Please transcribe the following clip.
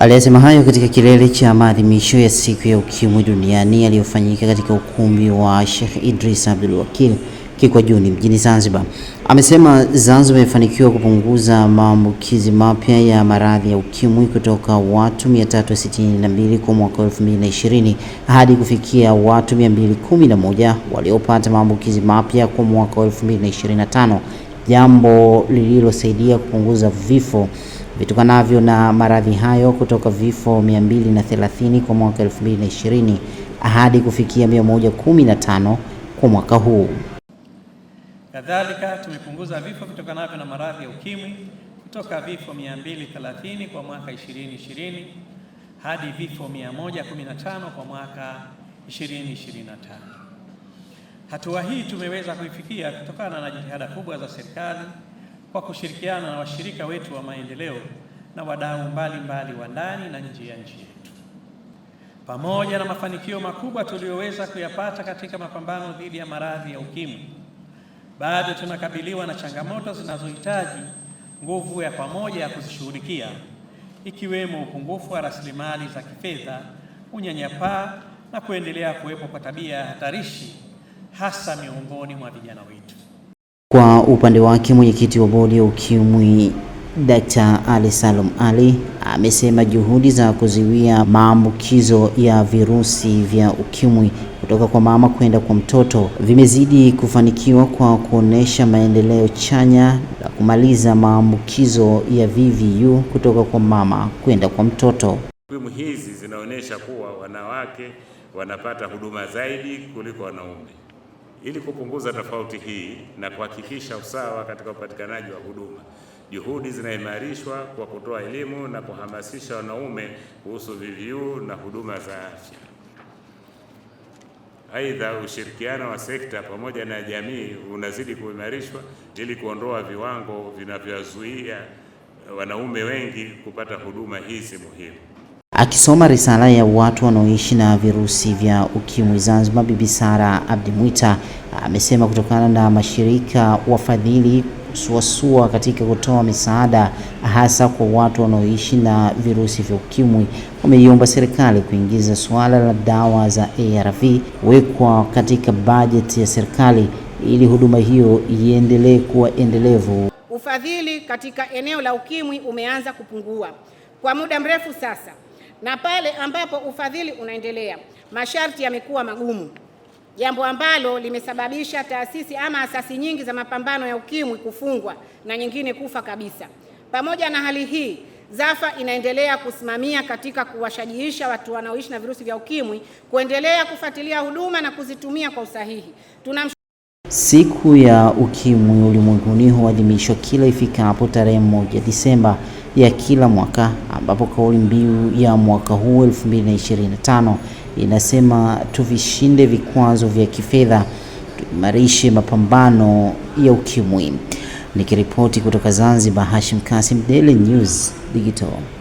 Aliyasema hayo katika kilele cha maadhimisho ya siku ya ukimwi duniani yaliyofanyika katika ukumbi wa Sheikh Idris Abdul Wakil Kikwajuni mjini Zanzibar. Amesema Zanzibar imefanikiwa kupunguza maambukizi mapya ya maradhi ya ukimwi kutoka watu 362 kwa mwaka 2020 hadi kufikia watu 211 waliopata maambukizi mapya kwa mwaka 2025, jambo lililosaidia kupunguza vifo vitokanavyo na maradhi hayo kutoka vifo 230 kwa mwaka 2020 hadi kufikia 115 kwa mwaka huu. Kadhalika tumepunguza vifo vitokanavyo na maradhi ya ukimwi kutoka vifo 230 kwa mwaka 2020 hadi vifo 115 kwa mwaka 2025. Hatua hii tumeweza kuifikia kutokana na jitihada kubwa za serikali kwa kushirikiana na washirika wetu wa maendeleo na wadau mbalimbali wa ndani na nje ya nchi yetu. Pamoja na mafanikio makubwa tuliyoweza kuyapata katika mapambano dhidi ya maradhi ya UKIMWI, bado tunakabiliwa na changamoto zinazohitaji nguvu ya pamoja ya kuzishughulikia, ikiwemo upungufu wa rasilimali za kifedha, unyanyapaa na kuendelea kuwepo kwa tabia ya hatarishi hasa miongoni mwa vijana wetu. Kwa upande wake mwenyekiti wa bodi ya ukimwi Dkt. Ali Salum Ali amesema juhudi za kuzuia maambukizo ya virusi vya ukimwi kutoka kwa mama kwenda kwa mtoto vimezidi kufanikiwa kwa kuonesha maendeleo chanya na kumaliza maambukizo ya VVU kutoka kwa mama kwenda kwa mtoto. Takwimu hizi zinaonyesha kuwa wanawake wanapata huduma zaidi kuliko wanaume. Ili kupunguza tofauti hii na kuhakikisha usawa katika upatikanaji wa huduma, juhudi zinaimarishwa kwa kutoa elimu na kuhamasisha wanaume kuhusu VVU na huduma za afya. Aidha, ushirikiano wa sekta pamoja na jamii unazidi kuimarishwa ili kuondoa viwango vinavyozuia wanaume wengi kupata huduma hizi muhimu. Akisoma risala ya watu wanaoishi na virusi vya ukimwi Zanzibar, Bibi Sara Abdi Mwita amesema kutokana na mashirika wafadhili kusuasua katika kutoa misaada hasa kwa watu wanaoishi na virusi vya ukimwi, wameiomba serikali kuingiza suala la dawa za ARV wekwa katika bajeti ya serikali ili huduma hiyo iendelee kuwa endelevu. Ufadhili katika eneo la ukimwi umeanza kupungua kwa muda mrefu sasa na pale ambapo ufadhili unaendelea, masharti yamekuwa magumu, jambo ambalo limesababisha taasisi ama asasi nyingi za mapambano ya ukimwi kufungwa na nyingine kufa kabisa. Pamoja na hali hii, ZAFA inaendelea kusimamia katika kuwashajiisha watu wanaoishi na virusi vya ukimwi kuendelea kufuatilia huduma na kuzitumia kwa usahihi. Tuna Siku ya ukimwi ulimwenguni huadhimishwa kila ifikapo tarehe moja Disemba ya kila mwaka ambapo kauli mbiu ya mwaka huu 2025 inasema tuvishinde vikwazo vya kifedha, tuimarishe mapambano ya ukimwi. Nikiripoti kutoka Zanzibar, Hashim Kasim, Daily News Digital.